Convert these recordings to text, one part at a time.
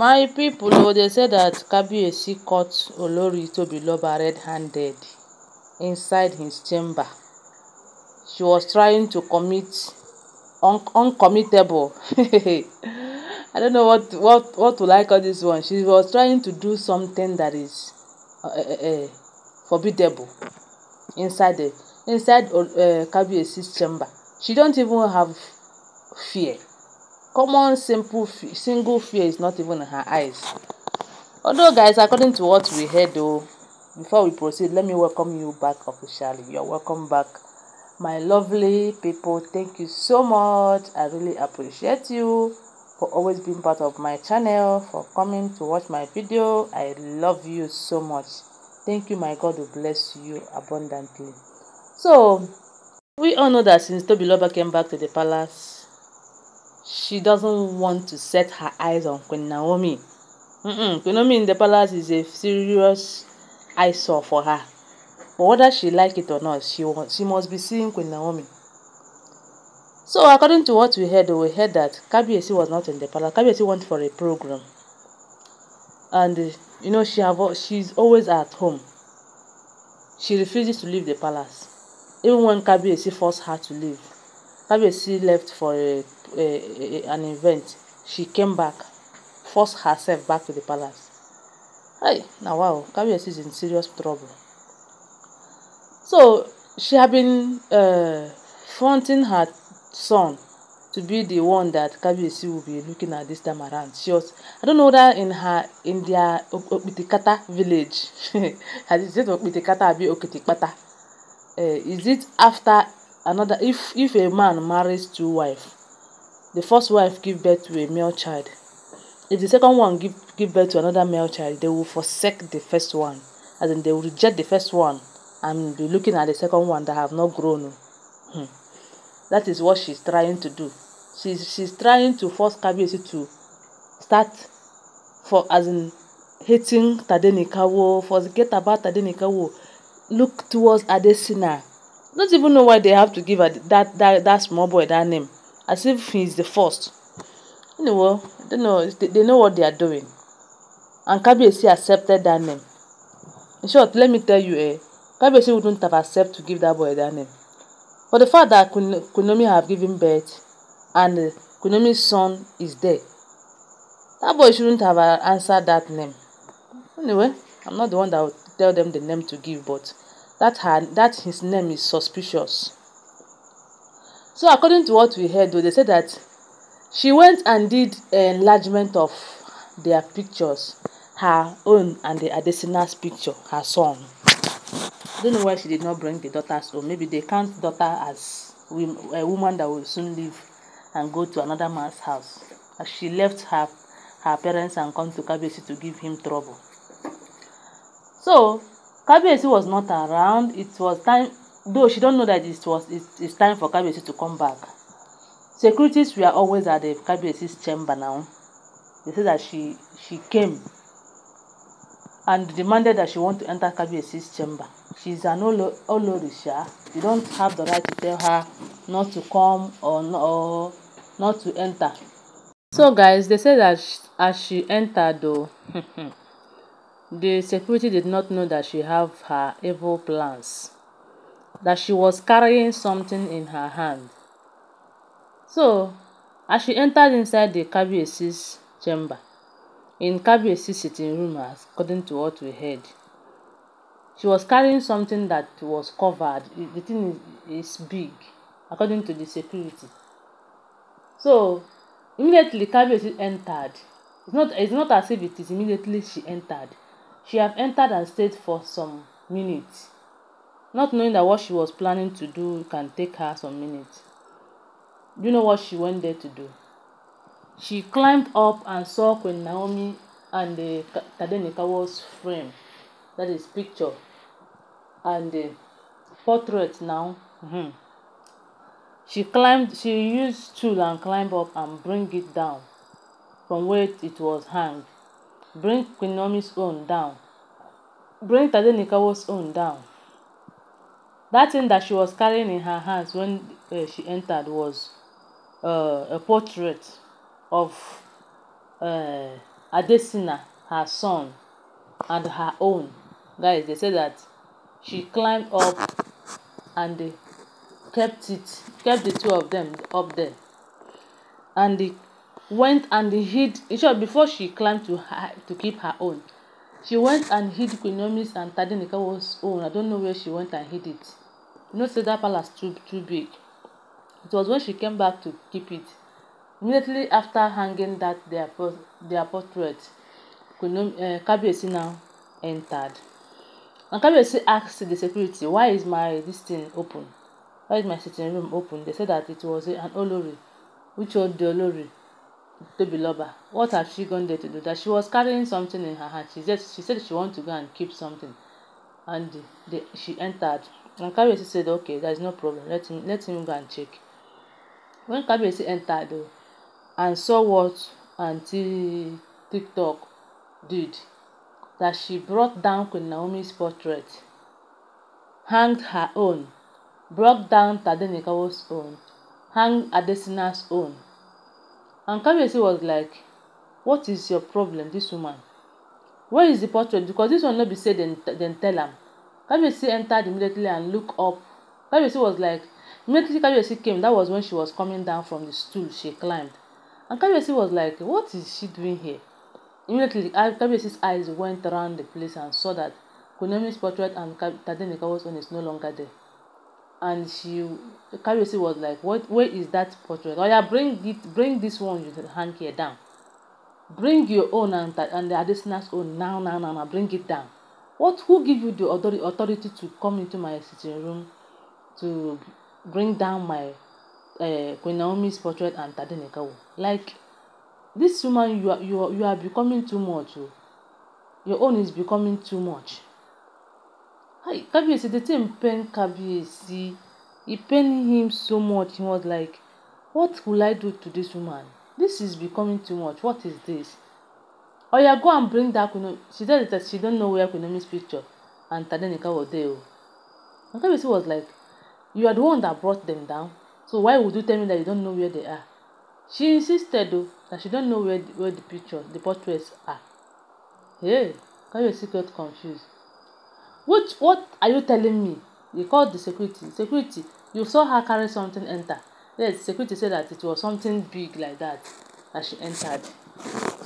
My people oo oh, dey say dat Kabiyesi caught Olori Tomiloba red handed inside his chamber. She was trying to commit uncommittable I don't know what what what to like all this one. She was trying to do something that is uh, uh, uh, uh forbiddable inside the inside uh, Kabiyesi's chamber. She don't even have fear. Common simple single fear is not even in her eyes. Although guys, according to what we heard though, before we proceed, let me welcome you back officially. You're welcome back, my lovely people. Thank you so much. I really appreciate you for always being part of my channel, for coming to watch my video. I love you so much. Thank you, my God will bless you abundantly. So, we all know that since Loba came back to the palace, she doesn't want to set her eyes on Queen Naomi. Mm -mm. Queen Naomi in the palace is a serious eyesore for her. But whether she like it or not, she, wants, she must be seeing Queen Naomi. So according to what we heard, we heard that Kabiesi was not in the palace. Kabiesi went for a program. And, you know, she have, she's always at home. She refuses to leave the palace. Even when Kabiesi forced her to leave, Kabiyesi left for a, a, a, an event. She came back, forced herself back to the palace. Hey, now wow, Kabiyesi is in serious trouble. So she had been uh, fronting her son to be the one that Kabiyesi will be looking at this time around. She was, I don't know whether in her in their Okitikata village. Has it Okitikata or Okitikpata? Uh, is it after another if if a man marries two wife the first wife give birth to a male child if the second one give give birth to another male child they will forsake the first one as in they will reject the first one and be looking at the second one that have not grown hmm. that is what she's trying to do she's she's trying to force kabiyesi to start for as in hating tadenikawo forget about tadenikawo look towards adesina don't even know why they have to give her that that that small boy that name as if he's the first anyway they know they, they know what they are doing and kabiyesi accepted that name in short let me tell you eh kabiyesi wouldn't have accepted to give that boy that name but the fact that Kun Kunomi have given birth and uh, son is there that boy shouldn't have uh, answered that name anyway i'm not the one that would tell them the name to give but that her that his name is suspicious. So according to what we heard, though, they said that she went and did enlargement of their pictures, her own and the Adesina's picture, her son. I don't know why she did not bring the daughters home. Maybe they count daughter as a woman that will soon leave and go to another man's house. As she left her her parents and come to Kabesi to give him trouble. So Kabiyesi was not around. It was time, though she don't know that it was it, it's time for Kabiyesi to come back. Securities were always at the Kabiyesi's chamber now. They said that she she came and demanded that she want to enter Kabiyesi's chamber. She's an Olorisha. You don't have the right to tell her not to come or, or not to enter. So guys, they said that as she entered though, The security did not know that she have her evil plans, that she was carrying something in her hand. So, as she entered inside the Kabiesi's chamber, in Kabiesi's sitting room, according to what we heard, she was carrying something that was covered. The thing is, is big, according to the security. So, immediately Kabiesi entered. It's not, it's not as if it is immediately she entered she have entered and stayed for some minutes, not knowing that what she was planning to do can take her some minutes. Do you know what she went there to do? She climbed up and saw Queen Naomi and the uh, Tadenikawa's frame, that is picture, and the portrait now. Mm-hmm. She climbed. She used tool and climbed up and bring it down from where it was hung. Bring Queen own down. Bring Tadenikawa's own down. That thing that she was carrying in her hands when uh, she entered was uh, a portrait of uh, Adesina, her son, and her own. Guys, they say that she climbed up and kept it, kept the two of them up there. And the went and hid in short before she climbed to her to keep her own she went and hid Queen Naomi's and Tadenikawa's own I don't know where she went and hid it you know say that palace too too big it was when she came back to keep it immediately after hanging that their their portrait Queen Naomi uh, Kabiyesi now entered and Kabiyesi asked the security why is my this thing open why is my sitting room open they said that it was an olori which was the olori Tobiloba, what has she gone there to do? That she was carrying something in her hand. She just she said she wanted to go and keep something, and the, the, she entered. And Kabiyesi said, "Okay, there is no problem. Let him let him go and check." When Kabiyesi entered though, and saw what Aunty TikTok did, that she brought down Queen Naomi's portrait, hanged her own, brought down Tadenikawo's own, hanged Adesina's own. And Kabiyesi was like, what is your problem, this woman? Where is the portrait? Because this one not be said then. Then tell him." Kabiyesi entered immediately and looked up. Kabiyesi was like, immediately Kabiyesi came, that was when she was coming down from the stool she climbed. And Kabiyesi was like, what is she doing here? Immediately, Kabiyesi's eyes went around the place and saw that Kunemi's portrait and Tadeneka was own is no longer there and she Kabiyesi was like what where is that portrait oya oh, bring it bring this one you hang here down bring your own and and the Adesina's own now now now now bring it down what who give you the authority authority to come into my sitting room to bring down my uh, Queen Naomi's portrait and Tadenikawo like this woman you are you are you are becoming too much o oh. your own is becoming too much. Hi, Kabiyesi, the thing pain Kabiyesi. It pained him so much. He was like, What will I do to this woman? This is becoming too much. What is this? Oh, Oya, go and bring that Kunomi. She said that she don't know where Kunomi's picture and Tadenika was there. Oh. And Kabiyesi was like, You are the one that brought them down. So why would you tell me that you don't know where they are? She insisted though that she don't know where the, where the picture, the portraits are. Hey, Kabiyesi got confused. which what are you telling me they called the security security you saw her carry something enter yes security said that it was something big like that as she entered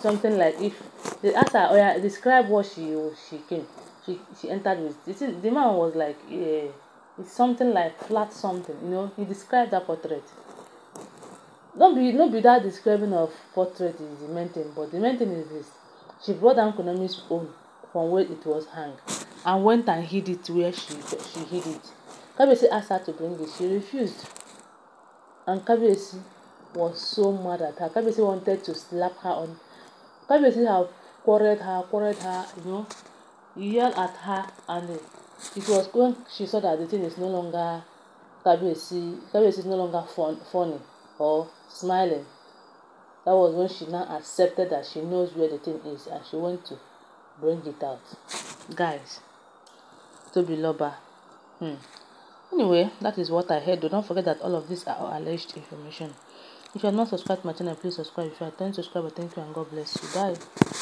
something like if they asked her oh, yeah, describe what she she came she she entered with the the man was like eh it's something like flat something you know he described that portrait Don't be don't be that describing of portrait is the main thing but the main thing is this she brought down kunomi's own from where it was hung. and went and hid it where she, she hid it. Kabiyesi asked her to bring it. She refused. And Kabiyesi was so mad at her. Kabiyesi wanted to slap her on. Kabiyesi have quarreled her, quarreled her, you know, yelled at her, and it was when she saw that the thing is no longer Kabiyesi, Kabiyesi is no longer fun, funny or smiling. That was when she now accepted that she knows where the thing is and she went to bring it out. Guys, Tobiloba. Hmm. Anyway, that is what I heard. Do not forget that all of these are alleged information. If you are not subscribed to my channel, please subscribe. If you are don't subscribe. Thank you and God bless you. Bye.